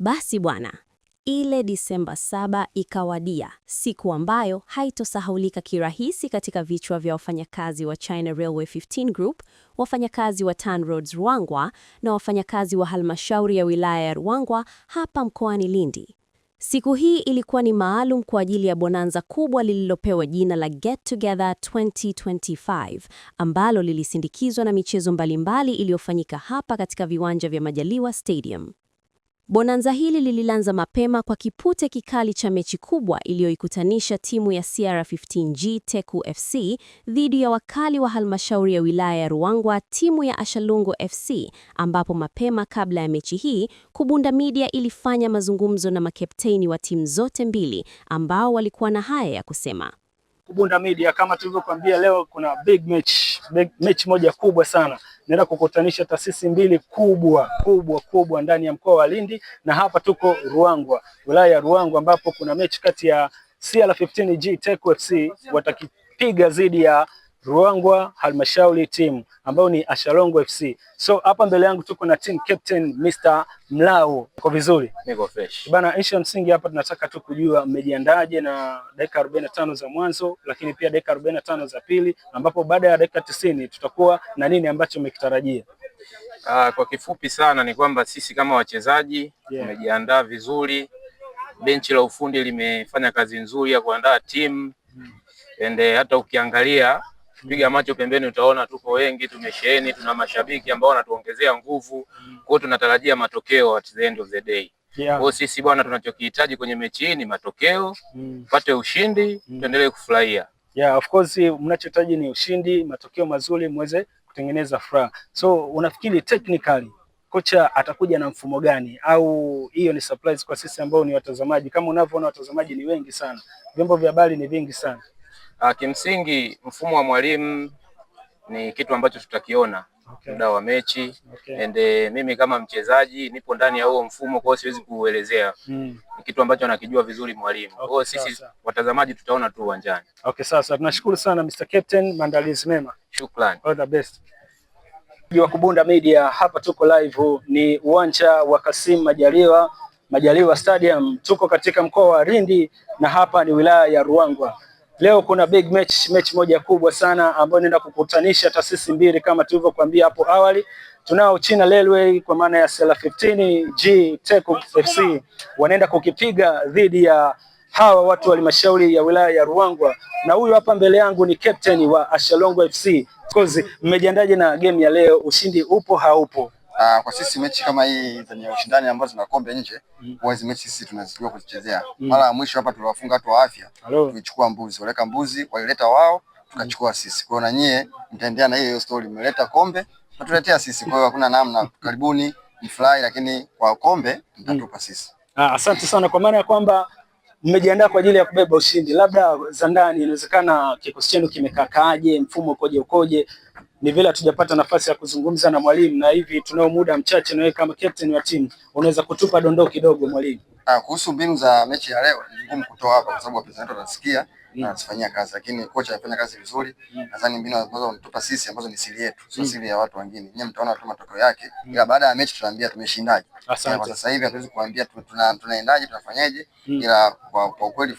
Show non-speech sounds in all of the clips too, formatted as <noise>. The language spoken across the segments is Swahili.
Basi bwana, ile Disemba saba ikawadia, siku ambayo haitosahaulika kirahisi katika vichwa vya wafanyakazi wa China Railway 15 Group, wafanyakazi wa Roads Ruangwa na wafanyakazi wa halmashauri ya wilaya ya Ruangwa hapa mkoani Lindi. Siku hii ilikuwa ni maalum kwa ajili ya bonanza kubwa lililopewa jina la Get Together 2025 ambalo lilisindikizwa na michezo mbalimbali iliyofanyika hapa katika viwanja vya Majaliwa Stadium. Bonanza hili lililanza mapema kwa kipute kikali cha mechi kubwa iliyoikutanisha timu ya CR15G Teku FC dhidi ya wakali wa halmashauri ya wilaya ya Ruangwa, timu ya Ashalungo FC, ambapo mapema kabla ya mechi hii, Kubunda Media ilifanya mazungumzo na makepteni wa timu zote mbili ambao walikuwa na haya ya kusema kubunda Media kama tulivyokuambia, leo kuna big match, big match moja kubwa sana, naenda kukutanisha taasisi mbili kubwa kubwa kubwa ndani ya mkoa wa Lindi, na hapa tuko Ruangwa, wilaya ya Ruangwa, ambapo kuna mechi kati ya CR15G Tech FC watakipiga dhidi ya Ruangwa Halmashauri team ambayo ni Asharongo FC. So hapa mbele yangu tuko na team captain Mr. Mlau. Uko vizuri? Niko fresh. Bana, ishu ya msingi hapa tunataka tu kujua mmejiandaje na dakika 45 za mwanzo, lakini pia dakika 45 za pili, ambapo baada ya dakika 90 tutakuwa na nini ambacho mmekitarajia? Uh, ah, kwa kifupi sana ni kwamba sisi kama wachezaji tumejiandaa yeah, vizuri. Benchi la ufundi limefanya kazi nzuri ya kuandaa timu mm, ende eh, hata ukiangalia Piga macho pembeni, utaona tuko wengi, tumesheheni, tuna mashabiki ambao wanatuongezea nguvu. Mm. Kwa hiyo tunatarajia matokeo at the end of the day. Yeah. Kwa sisi bwana, tunachokihitaji kwenye mechi hii ni matokeo, mm. pate ushindi mm. tuendelee kufurahia. Yeah, of course mnachohitaji ni ushindi, matokeo mazuri muweze kutengeneza furaha. So unafikiri technically kocha atakuja na mfumo gani? Au hiyo ni surprise kwa sisi ambao ni watazamaji? Kama unavyoona watazamaji ni wengi sana, vyombo vya habari ni vingi sana. Ah, kimsingi mfumo wa mwalimu ni kitu ambacho tutakiona okay. muda wa mechi okay. And eh, mimi kama mchezaji nipo ndani ya huo mfumo, kwa hiyo siwezi kuuelezea hmm. Ni kitu ambacho anakijua vizuri mwalimu okay. Kwa hiyo sisi watazamaji tutaona tu uwanjani. Okay, sasa tunashukuru sana Mr. Captain, maandalizi mema. Shukrani. All the best. Wa Kubunda Media hapa tuko live, ni uwanja wa Kassim Majaliwa Majaliwa Stadium, tuko katika mkoa wa Lindi na hapa ni wilaya ya Ruangwa. Leo kuna big match, mechi moja kubwa sana ambayo inaenda kukutanisha taasisi mbili kama tulivyokuambia hapo awali. Tunao China Railway kwa maana ya Sela 15G Teku FC wanaenda kukipiga dhidi ya hawa watu wa halmashauri ya wilaya ya Ruangwa, na huyu hapa mbele yangu ni captain wa ashalongo FC. Of course, mmejiandaje na game ya leo? Ushindi upo haupo? Ah, kwa sisi mechi kama hii zenye ushindani ambazo zina kombe nje mm. huwa mechi sisi tunazijua kuzichezea. Mm. Mara ya mwisho hapa tuliwafunga watu wa afya, tulichukua mbuzi, waleka mbuzi, walileta wao, tukachukua sisi. Kwa hiyo na nyie mtaendelea na hiyo hiyo story, mmeleta kombe natuletea sisi. Kwa hiyo hakuna namna, karibuni mfurahi, lakini kwa kombe mtatupa mm. sisi. Ah, asante sana kwa maana ya kwamba mmejiandaa kwa ajili ya kubeba ushindi, labda za ndani, inawezekana kikosi chenu kimekakaaje, mfumo ukoje ukoje? Ni vile hatujapata nafasi ya kuzungumza na mwalimu, na hivi tunao muda mchache, na wewe kama captain wa timu unaweza kutupa dondoo kidogo mwalimu? Ah, kuhusu mbinu za mechi ya leo ni ngumu kutoa hapa kwa sababu wapinzani wanasikia na tufanyia kazi, lakini kocha anafanya kazi vizuri. Mm. Nadhani mbinu ambazo mtupa sisi ambazo ni siri yetu, sio mm. siri ya watu wengine. Nyinyi mtaona tu matokeo yake, mm. ila baada ya mechi tutaambia tumeshindaje. Kwa sasa hivi hatuwezi kuambia tunaendaje, tunafanyaje, ila kwa ukweli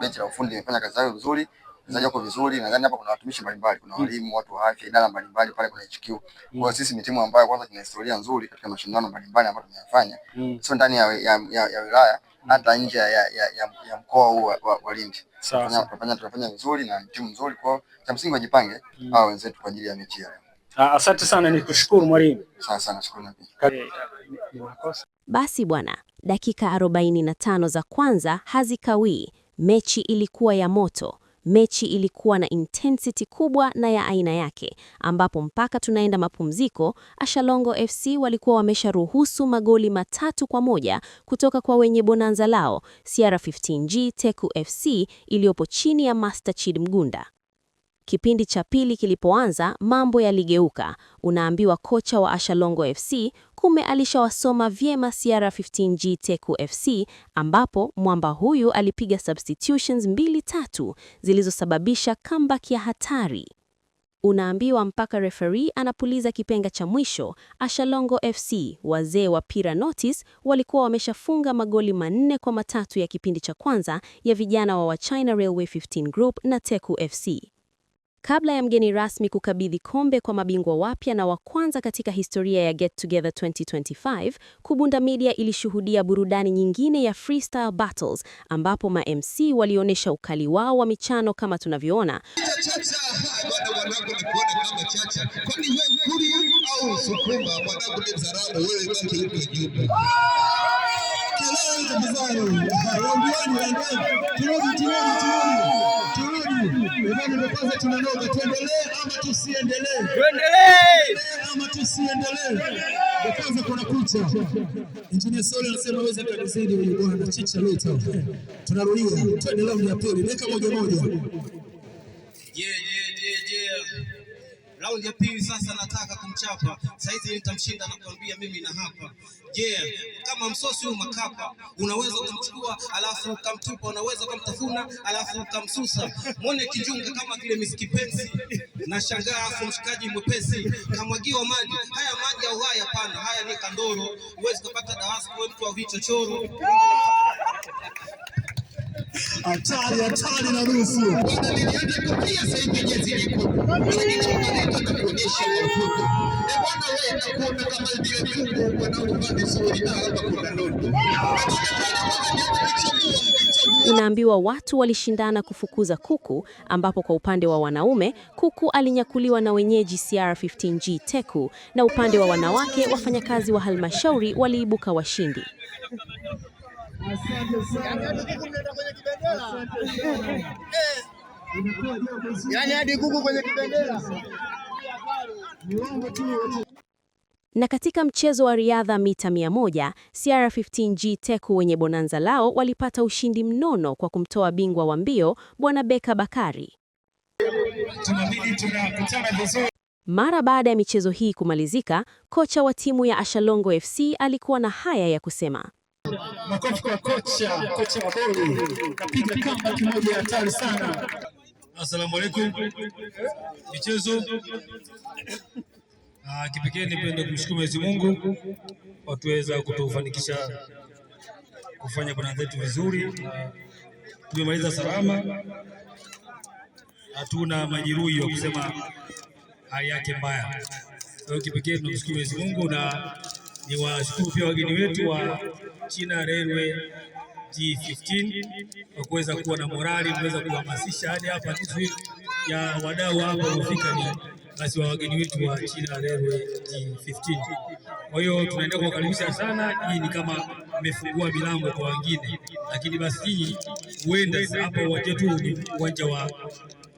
benchi la ufundi imefanya kazi yao vizuri mchezaji wako vizuri. Nadhani hapa kuna watumishi mbalimbali, kuna hmm. walimu, watu wa afya, idara mbalimbali pale kuna HQ. Kwa hmm. hiyo sisi ni timu ambayo kwanza tuna historia nzuri katika mashindano mbalimbali ambayo tumeyafanya, hmm. sio ndani ya wilaya hata nje ya, ya, ya, ya mkoa huu wa, wa, wa Lindi tunafanya vizuri na timu nzuri kwa cha msingi wajipange hawa wenzetu kwa ajili ya mechi ya ah, Asante sana, nikushukuru mwalimu. Sana sana, shukrani. Basi bwana, dakika 45 za kwanza hazikawii, mechi ilikuwa ya moto. Mechi ilikuwa na intensity kubwa na ya aina yake, ambapo mpaka tunaenda mapumziko Ashalongo FC walikuwa wamesharuhusu magoli matatu kwa moja kutoka kwa wenye bonanza lao Sierra 15G Teku FC iliyopo chini ya Master Chid Mgunda. Kipindi cha pili kilipoanza, mambo yaligeuka. Unaambiwa kocha wa Ashalongo FC kume alishawasoma vyema Sierra 15G Teku FC, ambapo mwamba huyu alipiga substitutions mbili tatu zilizosababisha comeback ya hatari. Unaambiwa mpaka referee anapuliza kipenga cha mwisho. Ashalongo FC, wazee wa Pira Notice, walikuwa wameshafunga magoli manne kwa matatu ya kipindi cha kwanza ya vijana wa Wachina Railway 15 Group na Teku FC. Kabla ya mgeni rasmi kukabidhi kombe kwa mabingwa wapya na wa kwanza katika historia ya Get Together 2025, Kubunda Media ilishuhudia burudani nyingine ya freestyle battles ambapo ma MC walionyesha ukali wao wa michano kama tunavyoona ndio kwanza tunanoga, tuendelee ama tusiendelee? Tuendelee ama tusiendelee? Kwanza kuna kucha. Engineer Sole anasema weza kanizidi huyu bwana chicha leo. Tunarudia, tuendelee na pili. Weka moja moja. Yeah, yeah, yeah, yeah. Raundi ya pili sasa nataka kumchapa. Saizi nitamshinda na kuambia mimi na hapa. Yeah kama msosi huyu Makapa, unaweza ukamchukua alafu ukamtupa, unaweza ukamtafuna alafu ukamsusa. Mwone kijunga kama kile miskipenzi na shangaa, alafu mshikaji mwepesi kamwagiwa maji haya. Maji au haya? Pana haya ni kandoro, huwezi kupata darasa kwa mtu wa vichochoro. Hatari, hatari na rufu. Dalili yake kupia saivi jezi liko. Sisi chumba letu atakuonyesha. Ebana wewe utakuwa kama vile Inaambiwa watu walishindana kufukuza kuku, ambapo kwa upande wa wanaume kuku alinyakuliwa na wenyeji CR15G Teku, na upande wa wanawake wafanyakazi wa halmashauri waliibuka washindi. Yaani hadi kuku kwenye kibendera. Na katika mchezo wa riadha mita 100, CR15G Teku wenye bonanza lao walipata ushindi mnono kwa kumtoa bingwa wa mbio Bwana Beka Bakari. Mara baada ya michezo hii kumalizika, kocha wa timu ya Ashalongo FC alikuwa na haya ya kusema. Makofi kwa kocha, kocha Maboni. Kapiga kamba kimoja hatari sana. Asalamu alaykum. Michezo Ah, kipekee nipende kumshukuru Mwenyezi Mungu watuweza kutufanikisha kufanya kuna zetu vizuri, tumemaliza salama, hatuna majeruhi wa kusema hali yake mbaya. Kwa hiyo kipekee tunamshukuru Mwenyezi Mungu na niwashukuru pia wageni wetu wa China Railway G15 kwa kuweza kuwa na morali, kuweza kuhamasisha hadi hapa nusu ya wadau hapa wamefika ni basi wa wageni wetu wa China Railway G15. Kwa hiyo tunaendelea kuwakaribisha sana. Hii ni kama mmefungua milango kwa wengine, lakini basi hii huenda hapa uwanja tu ni uwanja wa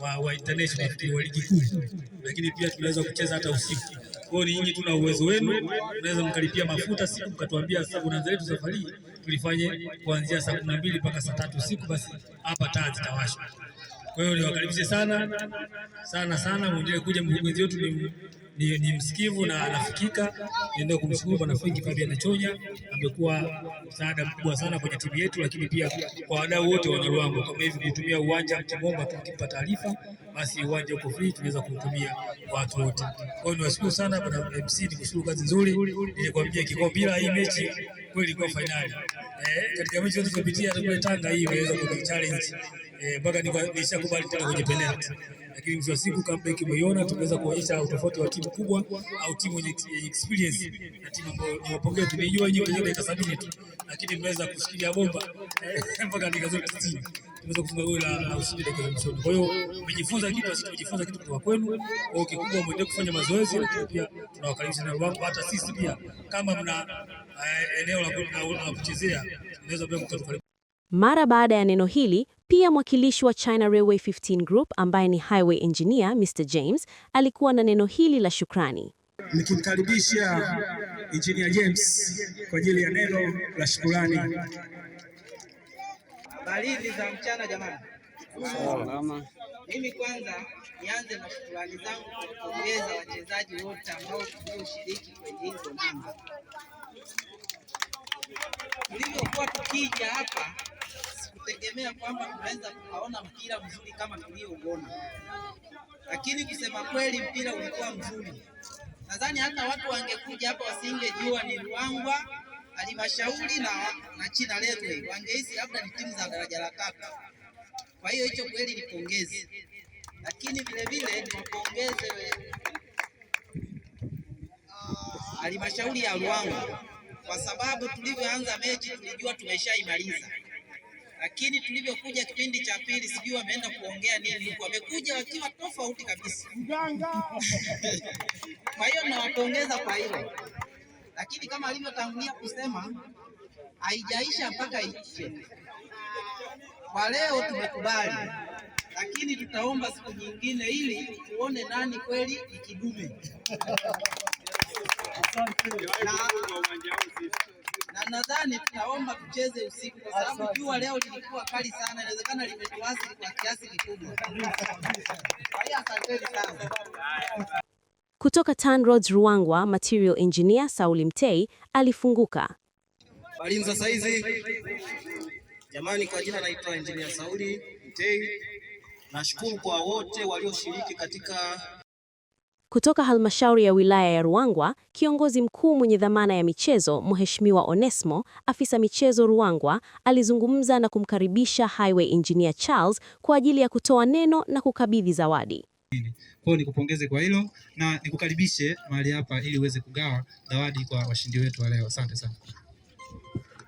wa, wa international wa ligi kuu, lakini pia tunaweza kucheza hata usiku. Kwa hiyo ni nyinyi, tuna uwezo wenu, tunaweza mkalipia mafuta siku, mkatuambia siku na safari tulifanye kuanzia saa kumi na mbili mpaka saa tatu usiku, basi hapa taa zitawashwa. Kwa hiyo niwakaribishe sana sana sana, muendelee kuja. Mkurugenzi wetu ni, ni, ni msikivu na anafikika. Niendelee kumshukuru Bwana Frank Fabian Chonya, amekuwa msaada mkubwa sana kwenye timu yetu, lakini pia kwa wadau wote wa Ruangwa. Kama hivi kutumia uwanja Kimomba, tukimpa taarifa basi uwanja uko free, tunaweza kuutumia watu wote. Kwa hiyo niwashukuru sana Bwana MC, nikushukuru kazi nzuri. Nilikwambia bila hii mechi kweli kwa fainali eh, katika mechi zilizopitia hata tukule Tanga hii imeweza kuwa challenge eh, mpaka nishakubali tena kwenye penalty, lakini mwisho wa siku comeback imeiona, tumeweza kuonyesha utofauti wa timu kubwa au timu yenye experience na timu ambayo niwapongee, wapongea, tulijua yenyewe kwenye dakika sabini tu, lakini mmeweza kushikilia bomba eh, <laughs> mpaka dakika zote tisini tumeweza kufunga goli la ushindi dakika za mwisho. Kwa hiyo umejifunza kitu na sisi tumejifunza kitu kutoka kwenu. Kwa hiyo kikubwa muendelee kufanya mazoezi, lakini pia tunawakaribisha na wangu, hata sisi pia kama mna Eh, eneo la kuchezea inaweza pia kutoka. mara baada ya neno hili pia mwakilishi wa China Railway 15 Group ambaye ni highway engineer Mr James alikuwa na neno hili la shukrani. Nikimkaribisha Engineer James kwa ajili ya neno la shukrani. Habari za mchana jamani. Salama. Mimi kwanza nianze na shukrani zangu kwa kuongeza wachezaji wote ambao tulioshiriki kwenye hizo namba tulivyokuwa tukija hapa sikutegemea kwamba tunaweza tukaona mpira mzuri kama tuliouona, lakini kusema kweli mpira ulikuwa mzuri. Nadhani hata watu wangekuja hapa wasingejua ni Ruangwa, halimashauri na, na China Railway, wangehisi labda ni timu za daraja la tatu. Kwa hiyo hicho kweli ni pongezi, lakini vilevile niwapongeze ah, halimashauri ya Ruangwa kwa sababu tulivyoanza mechi tulijua tumeshaimaliza, lakini tulivyokuja kipindi cha pili, sijui wameenda kuongea nini huko, wamekuja wakiwa tofauti kabisa <laughs> kwa hiyo nawapongeza kwa hilo, lakini kama alivyotangulia kusema haijaisha mpaka iishe. Kwa leo tumekubali, lakini tutaomba siku nyingine ili tuone nani kweli ikidume. <laughs> na nadhani tutaomba tucheze usiku kwa sababu jua leo lilikuwa kali sana, inawezekana limetuathiri kwa kiasi kikubwa. Asanteni sana. Kutoka TANROADS Ruangwa, material engineer Sauli Mtei alifunguka. Habari za saizi jamani, kwa jina naitwa engineer Sauli Mtei. Nashukuru kwa wote walioshiriki katika kutoka halmashauri ya wilaya ya Ruangwa, kiongozi mkuu mwenye dhamana ya michezo, Mheshimiwa Onesmo, afisa michezo Ruangwa, alizungumza na kumkaribisha Highway Engineer Charles kwa ajili ya kutoa neno na kukabidhi zawadi. Kwa nikupongeze kwa hilo na nikukaribishe mahali hapa ili uweze kugawa zawadi kwa washindi wetu wa leo. Asante sana.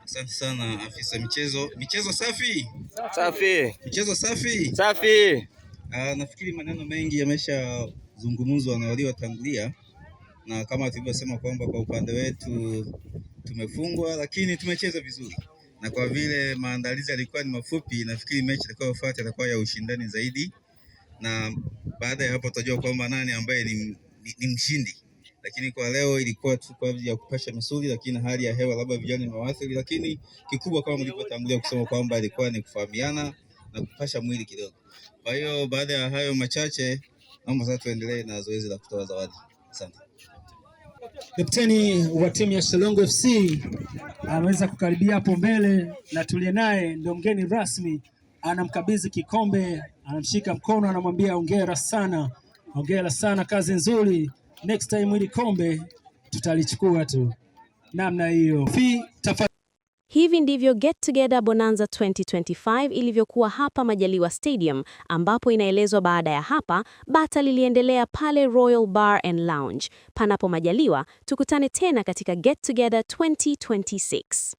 Asante sana afisa michezo. Michezo safi. Safi. Michezo safi. Safi. Uh, nafikiri maneno mengi yamesha zungumzwa na waliotangulia, na kama tulivyosema kwamba kwa upande wetu tumefungwa, lakini tumecheza vizuri, na kwa vile maandalizi yalikuwa ni mafupi, nafikiri mechi itakayofuata itakuwa ya ushindani zaidi, na baada ya hapo tutajua kwamba nani ambaye ni, ni, ni mshindi. Lakini kwa leo ilikuwa tu kwa ajili ya kupasha misuli, lakini hali ya hewa labda vijana imewaathiri, lakini kikubwa kama mlivyotangulia kusema kwamba ilikuwa ni kufahamiana na kupasha mwili kidogo. Kwa hiyo baada ya hayo machache Naomba sasa tuendelee na zoezi la kutoa zawadi. Asante. Kapteni wa timu ya Shalongo FC ameweza kukaribia hapo mbele na tulie naye ndio mgeni rasmi, anamkabidhi kikombe, anamshika mkono, anamwambia hongera sana, hongera sana, kazi nzuri. Next time hili kombe tutalichukua tu namna hiyo. Hivi ndivyo Get Together Bonanza 2025 ilivyokuwa hapa Majaliwa Stadium, ambapo inaelezwa baada ya hapa bata liliendelea pale Royal Bar and Lounge. Panapo majaliwa, tukutane tena katika Get Together 2026.